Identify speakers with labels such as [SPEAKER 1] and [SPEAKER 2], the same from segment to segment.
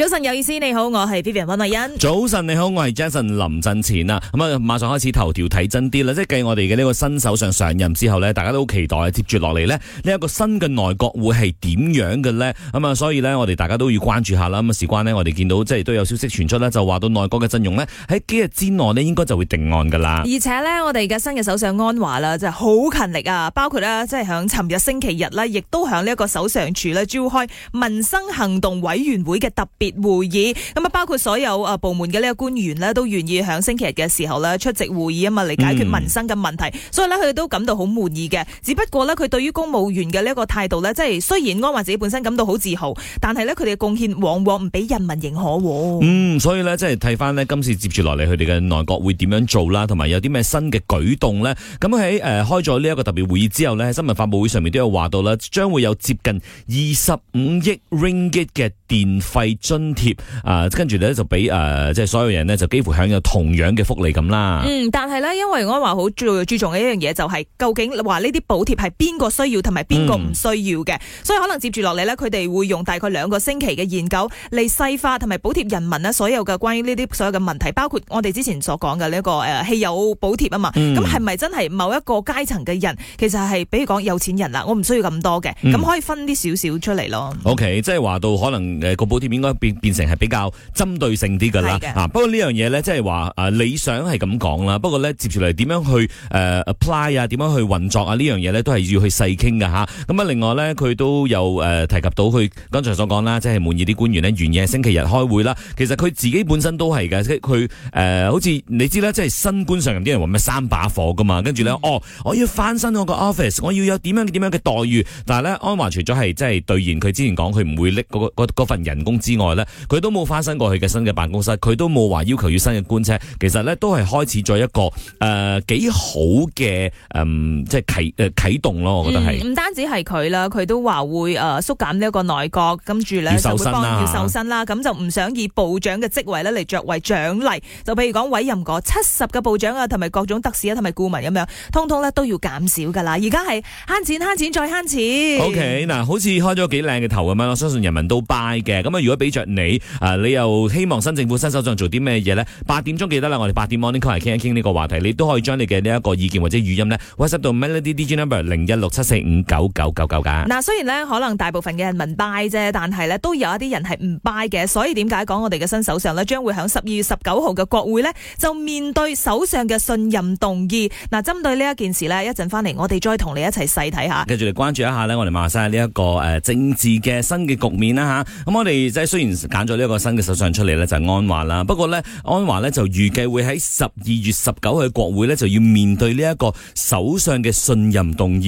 [SPEAKER 1] 早晨有意思，你好，我係 Vivian 温慧欣。
[SPEAKER 2] 早晨你好，我係 Jason 林振前啊。咁啊，馬上開始頭條睇真啲啦，即係計我哋嘅呢個新首相上任之後呢，大家都好期待接住落嚟呢，呢、這、一個新嘅內閣會係點樣嘅呢？咁啊，所以呢，我哋大家都要關注下啦。咁啊，事關呢，我哋見到即係都有消息傳出呢，就話到內閣嘅陣容呢，喺幾日之內呢應該就會定案噶啦。而
[SPEAKER 1] 且呢，我哋嘅新嘅首相安華啦，真係好勤力啊，包括呢，即係響尋日星期日呢，亦都響呢一個首相處呢，召開民生行動委員會嘅特。別會議咁啊，包括所有啊部門嘅呢個官員咧，都願意喺星期日嘅時候咧出席會議啊嘛，嚟解決民生嘅問題。嗯、所以呢，佢哋都感到好滿意嘅。只不過呢，佢對於公務員嘅呢一個態度呢，即係雖然安華自己本身感到好自豪，但係呢，佢哋嘅貢獻往往唔俾人民認可。嗯，
[SPEAKER 2] 所以呢，即係睇翻咧今次接住落嚟佢哋嘅內閣會點樣做啦，同埋有啲咩新嘅舉動呢。咁喺誒開咗呢一個特別會議之後呢，喺新聞發布會上面都有話到啦，將會有接近二十五億 Ringgit 嘅電費。津貼啊，跟住咧就俾啊，即、呃、係所有人呢，就幾乎享有同樣嘅福利咁啦。嗯，
[SPEAKER 1] 但係咧，因為我話好最注重嘅一樣嘢就係、是、究竟話呢啲補貼係邊個需要同埋邊個唔需要嘅，嗯、所以可能接住落嚟呢，佢哋會用大概兩個星期嘅研究嚟細化同埋補貼人民呢所有嘅關於呢啲所有嘅問題，包括我哋之前所講嘅呢一個誒汽油補貼啊嘛。咁係咪真係某一個階層嘅人其實係比如講有錢人啦，我唔需要咁多嘅，咁、嗯、可以分啲少少出嚟咯。
[SPEAKER 2] OK，即係話到可能誒個、呃、補貼應該。變，變成係比較針對性啲㗎啦，的啊！不過呢樣嘢咧，即係話誒理想係咁講啦。不過咧，接住嚟點樣去誒、呃、apply 啊？點樣去運作啊？樣呢樣嘢咧都係要去細傾㗎吓。咁啊，另外咧，佢都有誒、呃、提及到佢剛才所講啦，即、就、係、是、滿意啲官員呢，懸夜星期日開會啦。其實佢自己本身都係嘅，即係佢誒好似你知啦，即、就、係、是、新官上任啲人話咩三把火㗎嘛。跟住咧，嗯、哦，我要翻新我個 office，我要有點樣點樣嘅待遇。但係咧，安華除咗係即係兌現佢之前講佢唔會拎嗰、那個、份人工之外，佢都冇翻新過去嘅新嘅辦公室，佢都冇話要求要新嘅官車。其實咧都係開始咗一個誒幾、呃、好嘅誒、呃，即係啓誒啟動咯。嗯、我覺得係唔
[SPEAKER 1] 單止係佢啦，佢都話會誒、呃、縮減呢一個內閣，跟住咧就幫要瘦身啦。咁就唔想以部長嘅職位咧嚟作為獎勵，就譬如講委任嗰七十個部長啊，同埋各種特使啊，同埋顧問咁樣，通通咧都要減少噶啦。而家係慳錢慳錢再慳錢。錢錢 OK，
[SPEAKER 2] 嗱、呃，好似開咗幾靚嘅頭咁樣，我相信人民都拜嘅。咁啊，如果俾你啊、呃，你又希望新政府新首相做啲咩嘢呢？八點鐘記得啦，我哋八點 on the call 嚟傾一傾呢個話題，你都可以將你嘅呢一個意見或者語音咧，WhatsApp 到，Melody D、G、number 零一六七四五九九九九噶。嗱、啊，
[SPEAKER 1] 雖然呢可能大部分嘅人民拜啫，但係呢都有一啲人係唔拜嘅，所以點解講我哋嘅新首相呢，將會喺十二月十九號嘅國會呢，就面對首相嘅信任動議。嗱、啊，針對呢一件事呢，一陣翻嚟我哋再同你一齊細睇下。
[SPEAKER 2] 繼續嚟關注一下呢，我哋馬上呢一個誒政治嘅新嘅局面啦吓。咁、啊、我哋就係雖然。揀咗呢一個新嘅首相出嚟咧，就係、是、安華啦。不過呢，安華呢就預計會喺十二月十九日國會呢，就要面對呢一個首相嘅信任動議。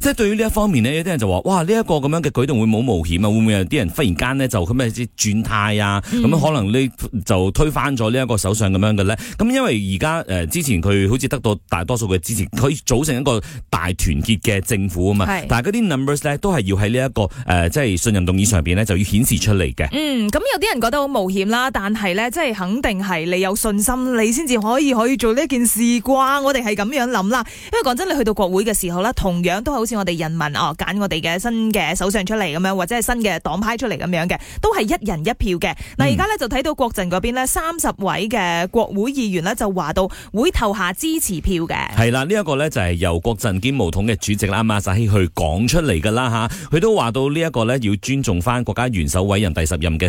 [SPEAKER 2] 即係對於呢一方面呢，有啲人就話：哇，呢、這、一個咁樣嘅舉動會冇冒險啊？會唔會有啲人忽然間呢就咁咩轉態啊？咁樣、嗯、可能咧就推翻咗呢一個首相咁樣嘅呢？」咁因為而家誒之前佢好似得到大多數嘅支持，佢組成一個大團結嘅政府啊嘛。是但係嗰啲 numbers 咧都係要喺呢一個誒、呃，即係信任動議上邊呢，就要顯示出嚟嘅。嗯。
[SPEAKER 1] 咁有啲人覺得好冒險啦，但係呢，即係肯定係你有信心，你先至可以可以做呢件事啩。我哋係咁樣諗啦，因為講真，你去到國會嘅時候啦，同樣都好似我哋人民哦揀我哋嘅新嘅首相出嚟，咁樣，或者係新嘅黨派出嚟咁樣嘅，都係一人一票嘅。嗱，而家呢，就睇到國陣嗰邊呢，三十位嘅國會議員呢，就話到會投下支持票嘅。
[SPEAKER 2] 係啦，呢、這、一個呢，就係由國陣兼巫統嘅主席阿馬薩希去講出嚟噶啦吓，佢都話到呢一個呢，要尊重翻國家元首委任第十任嘅。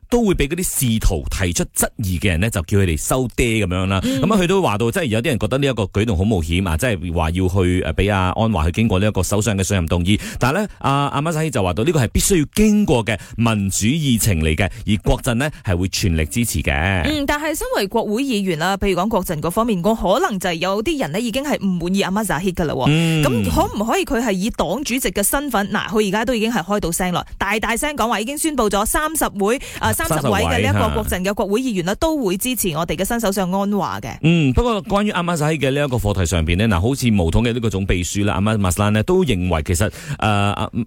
[SPEAKER 2] 都會俾嗰啲試圖提出質疑嘅人呢，就叫佢哋收爹咁樣啦。咁啊、嗯，佢都話到，即係有啲人覺得呢一個舉動好冒險啊，即係話要去誒俾阿安華去經過呢一個首相嘅信任動議。但係呢，啊、阿阿馬沙希就話到，呢、這個係必須要經過嘅民主議程嚟嘅，而國陣呢係會全力支持嘅、嗯。
[SPEAKER 1] 但係身為國會議員啦，譬如講國陣嗰方面，我可能就係有啲人呢已經係唔滿意阿馬沙希㗎啦。咁、嗯、可唔可以佢係以黨主席嘅身份嗱？佢而家都已經係開到聲啦，大大聲講話已經宣佈咗三十會啊！三十位嘅呢一個國陣嘅國會議員啦，都會支持我哋嘅新首相安華嘅。
[SPEAKER 2] 嗯，不過關於阿馬沙希嘅呢一個課題上邊咧，嗱，好似無統嘅呢個總秘書啦，阿馬馬沙呢都認為其實誒阿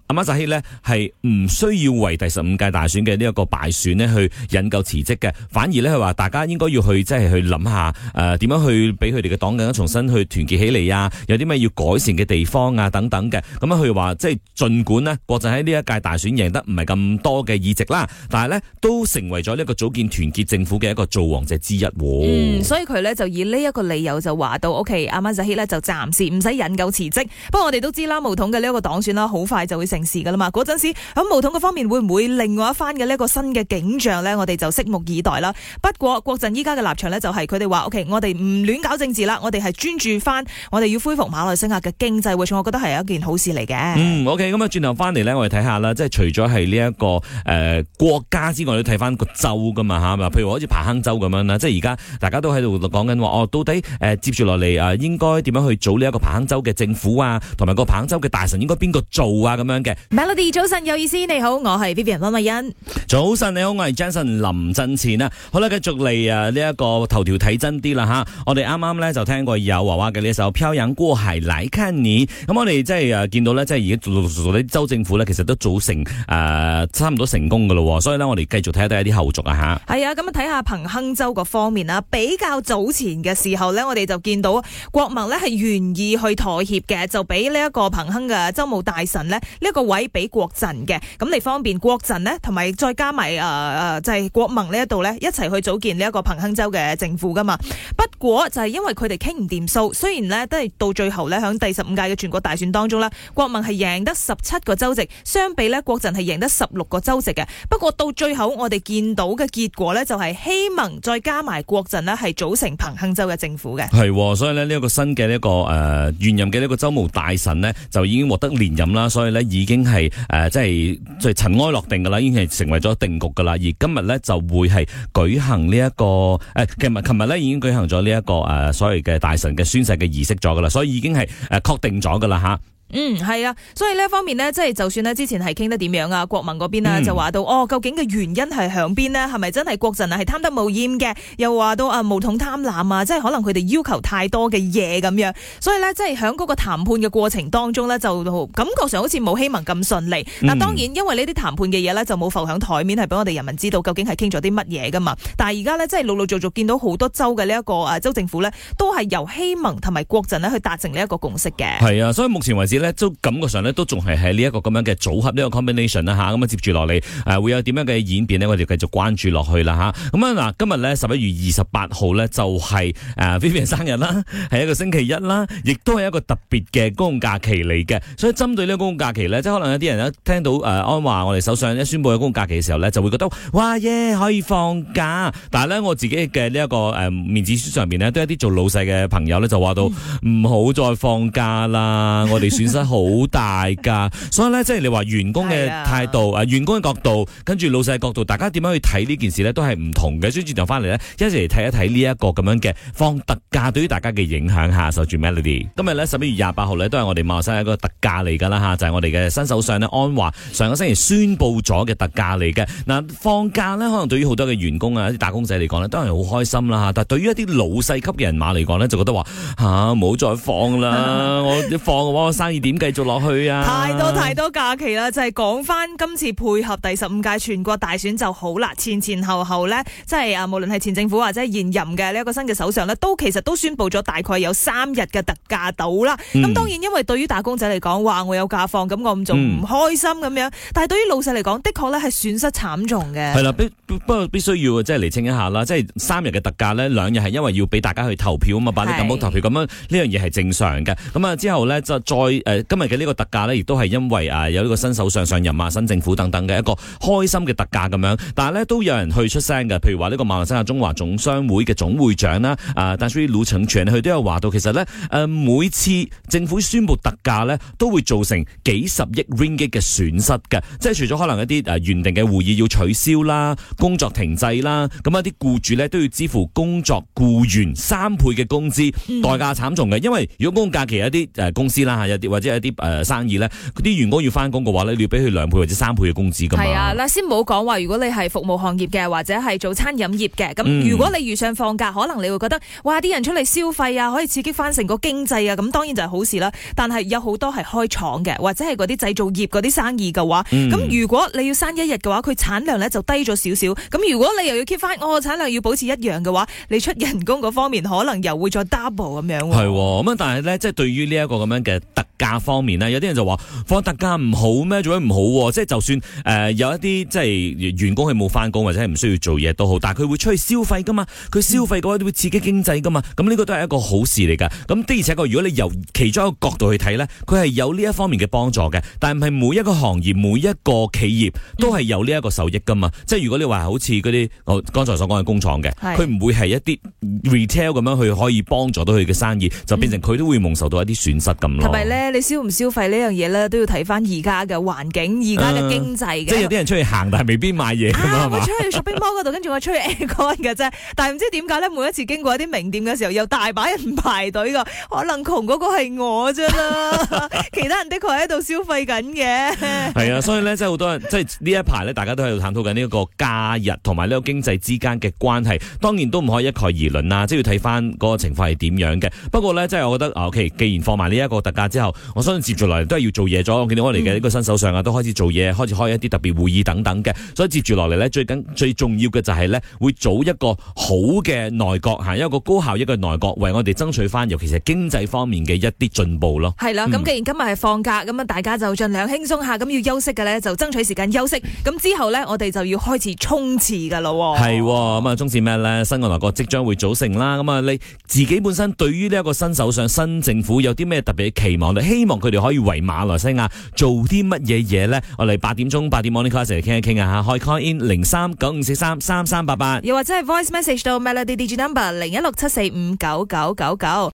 [SPEAKER 2] 阿馬沙希呢係唔需要為第十五屆大選嘅呢一個敗選咧去引咎辭職嘅，反而呢，佢話大家應該要去即係、就是、去諗下誒點、呃、樣去俾佢哋嘅黨更加重新去團結起嚟啊，有啲咩要改善嘅地方啊等等嘅。咁樣佢話即係儘管呢，國陣喺呢一屆大選贏得唔係咁多嘅議席啦，但係呢，都成為咗呢一個組建團結政府嘅一個造王者之一喎、哦。嗯，
[SPEAKER 1] 所以佢咧就以呢一個理由就話到，OK，阿馬扎希咧就暫時唔使引咎辭職。不過我哋都知啦，巫統嘅呢一個黨選啦，好快就會成事噶啦嘛。嗰陣時喺巫統嘅方面會唔會另外一番嘅呢一個新嘅景象呢？我哋就拭目以待啦。不過國陣依家嘅立場呢，就係佢哋話，O K，我哋唔亂搞政治啦，我哋係專注翻，我哋要恢復馬來西亞嘅經濟。所以我覺得係一件好事嚟嘅。
[SPEAKER 2] OK，咁啊，轉頭翻嚟呢，我哋睇下啦，即係除咗係呢一個誒國家之外，翻個州噶嘛嚇嗱，譬如好似彭亨州咁樣啦，即係而家大家都喺度講緊話哦，到底、呃、接住落嚟啊，應該點樣去做呢一個彭亨州嘅政府啊，同埋個彭亨州嘅大臣應該邊個做啊咁樣嘅。
[SPEAKER 1] Melody 早晨有意思，你好，我係 Vivian 溫慧欣。
[SPEAKER 2] 早晨你好，我係 Jason 林振前啊，好啦，繼續嚟啊！呢、這、一個頭條睇真啲啦嚇、啊，我哋啱啱咧就聽過有娃娃嘅呢一首《漂洋過海來看你》。咁、嗯、我哋即係啊，見到咧，即係而家陸陸續續啲州政府咧，其實都組成、呃、差唔多成功噶咯，所以我哋繼續睇。都係啲後續啊！嚇，
[SPEAKER 1] 係啊，咁啊睇下彭亨州個方面啦。比較早前嘅時候呢，我哋就見到國盟呢係願意去妥協嘅，就俾呢一個彭亨嘅州務大臣呢，呢一個位俾國陣嘅，咁嚟方便國陣呢，同埋再加埋誒誒就係、是、國盟呢一度呢，一齊去組建呢一個彭亨州嘅政府噶嘛。不過就係因為佢哋傾唔掂數，雖然呢都係到最後呢，喺第十五屆嘅全國大選當中呢，國盟係贏得十七個州席，相比呢，國陣係贏得十六個州席嘅。不過到最後我哋見到嘅結果咧，就係希盟再加埋國陣呢，係組成彭亨州嘅政府嘅。係，
[SPEAKER 2] 所以呢，呢一個新嘅呢、一個誒，呃、現任嘅呢個州務大臣呢，就已經獲得連任啦。所以呢，已經係誒，即係即係塵埃落定噶啦，已經係成為咗定局噶啦。而今日呢，就會係舉行呢一個誒，其實琴日呢已經舉行咗呢一個誒，所謂嘅大臣嘅宣誓嘅儀式咗噶啦，所以已經係誒確定咗噶啦吓。
[SPEAKER 1] 嗯，係啊，所以呢一方面呢，即係就算呢之前係傾得點樣啊，國民嗰邊啊就話到、嗯、哦，究竟嘅原因係響邊呢，係咪真係國陣係貪得無厭嘅？又話到啊，巫統貪婪啊，即係可能佢哋要求太多嘅嘢咁樣。所以呢，即係響嗰個談判嘅過程當中呢，就感覺上好似冇希盟咁順利。嗱、嗯，當然因為呢啲談判嘅嘢呢，就冇浮響台面係俾我哋人民知道究竟係傾咗啲乜嘢噶嘛。但係而家呢，即係陸陸續續見到好多州嘅呢一個啊州政府呢，都係由希盟同埋國陣呢去達成呢一個共識嘅。係啊，所以目
[SPEAKER 2] 前為止咧都咁嘅時候咧，都仲係喺呢一個咁樣嘅組合呢、這個 combination 啦吓，咁啊接住落嚟誒會有點樣嘅演變呢？我哋繼續關注落去啦吓。咁啊嗱，今日咧十一月二十八號咧就係誒 Vivian 生日啦，係一個星期一啦，亦都係一個特別嘅公共假期嚟嘅。所以針對呢個公共假期咧，即係可能有啲人咧聽到誒安華我哋首相咧宣布嘅公共假期嘅時候咧，就會覺得哇耶可以放假。但係咧我自己嘅呢一個誒面子書上面呢，都有一啲做老細嘅朋友咧就話到唔好、嗯、再放假啦。我哋 其實好大噶，所以咧即係你話員工嘅態度啊、哎呀呃，員工嘅角度，跟住老細角度，大家點樣去睇呢件事呢？都係唔同嘅。所以轉頭翻嚟呢，一齊嚟睇一睇呢一個咁樣嘅放特價對於大家嘅影響下守住 Melody，今日呢，十一月廿八號呢，都係我哋馬來西亞一個特價嚟噶啦吓，就係，是，我哋嘅新首相呢，安華上個星期宣布咗嘅特價嚟嘅。嗱，放假呢，可能對於好多嘅員工啊，一啲打工仔嚟講呢，當然好開心啦，但對於一啲老細級嘅人馬嚟講呢，就覺得話吓冇再放啦，我放嘅話我生。點繼續落去啊！太多太
[SPEAKER 1] 多假期啦，就係講翻今次配合第十五屆全國大選就好啦。前前後後呢，即係啊，無論係前政府或者係現任嘅呢一個新嘅首相呢，都其實都宣布咗大概有三日嘅特假到啦。咁、嗯、當然，因為對於打工仔嚟講話，我有假放，咁我唔仲唔開心咁樣。嗯、但係對於老細嚟講，的確呢係損失慘重嘅。係啦，
[SPEAKER 2] 不過必須要即係厘清一下啦，即係三日嘅特價呢，兩日係因為要俾大家去投票啊嘛，是把啲咁多投票咁樣呢樣嘢係正常嘅。咁啊之後呢，就再誒、呃、今日嘅呢個特價呢，亦都係因為啊、呃、有呢個新首相上任啊，新政府等等嘅一個開心嘅特價咁樣。但係呢，都有人去出聲嘅，譬如話呢個馬來西亞中華總商會嘅總會長啦，呃、啊但 a 是 t s h u 佢都有話到，其實呢，誒、呃、每次政府宣佈特價呢，都會造成幾十億 ringgit 嘅損失嘅，即係除咗可能一啲、呃、原定嘅會議要取消啦。工作停滯啦，咁一啲僱主咧都要支付工作僱員三倍嘅工資，嗯、代價慘重嘅。因為如果公眾假期有啲誒公司啦，有啲或者有啲誒生意咧，啲員工要翻工嘅話咧，你要俾佢兩倍或者三倍嘅工資，咁係啊，
[SPEAKER 1] 嗱，先唔好講話，如果你係服務行業嘅，或者係做餐飲業嘅，咁如果你遇上放假，嗯、可能你會覺得哇，啲人出嚟消費啊，可以刺激翻成個經濟啊，咁當然就係好事啦。但係有好多係開廠嘅，或者係嗰啲製造業嗰啲生意嘅話，咁、嗯、如果你要生一日嘅話，佢產量咧就低咗少少。咁如果你又要 keep 翻我嘅產量要保持一樣嘅話，你出人工嗰方面可能又會再 double 咁樣。係
[SPEAKER 2] 咁啊，但係咧，即係對於呢一個咁樣嘅特價方面呢，有啲人就話放特價唔好咩？做咩唔好？即係就算誒、呃、有一啲即係員工佢冇翻工或者係唔需要做嘢都好，但係佢會出去消費㗎嘛？佢消費嗰啲會刺激經濟㗎嘛？咁呢個都係一個好事嚟㗎。咁的而且確，如果你由其中一個角度去睇呢，佢係有呢一方面嘅幫助嘅。但係唔係每一個行業、每一個企業都係有呢一個受益㗎嘛？即係如果你話，好似嗰啲我剛才所講嘅工廠嘅，佢唔是會係一啲 retail 咁樣去，可以幫助到佢嘅生意，就變成佢都會蒙受到一啲損失咁。係咪
[SPEAKER 1] 咧？你消唔消費呢樣嘢咧，都要睇翻而家嘅環境，而家嘅經濟嘅、啊。即係有啲人
[SPEAKER 2] 出去行，但係未必買嘢、啊吧啊。我出去
[SPEAKER 1] shopping mall 嗰度，跟住我出去 aircon 嘅啫。但係唔知點解咧，每一次經過一啲名店嘅時候，有大把人排隊嘅。可能窮嗰個係我啫啦， 其他人的確喺度消費緊嘅。
[SPEAKER 2] 係啊，所以咧，即係好多人，即係呢一排咧，大家都喺度探討緊呢一個價。日同埋呢個經濟之間嘅關係，當然都唔可以一概而論啦，即係要睇翻嗰個情況係點樣嘅。不過呢，即係我覺得，OK，既然放埋呢一個特價之後，我相信接住落嚟都係要做嘢咗。我見到我哋嘅呢個新手上啊，都開始做嘢，開始開一啲特別會議等等嘅。所以接住落嚟呢，最緊最重要嘅就係呢，會組一個好嘅內閣吓，一個高效一個內閣，為我哋爭取翻，尤其是經濟方面嘅一啲進步咯。係
[SPEAKER 1] 啦，咁既然今日係放假，咁啊大家就盡量輕鬆下，咁要休息嘅呢，就爭取時間休息。咁之後呢，我哋就要開始中止噶咯，係
[SPEAKER 2] 咁啊！中止咩咧？新內閣即將會組成啦。咁啊，你自己本身對於呢一個新首相新政府有啲咩特別期望咧？你希望佢哋可以為馬來西亞做啲乜嘢嘢咧？我哋八點鐘八點 on the call 成嚟傾一傾啊！吓，可以 call in 零三九五四三三三八八，
[SPEAKER 1] 又或者係 voice message 到 melody dig number 零一六七四五九九九九。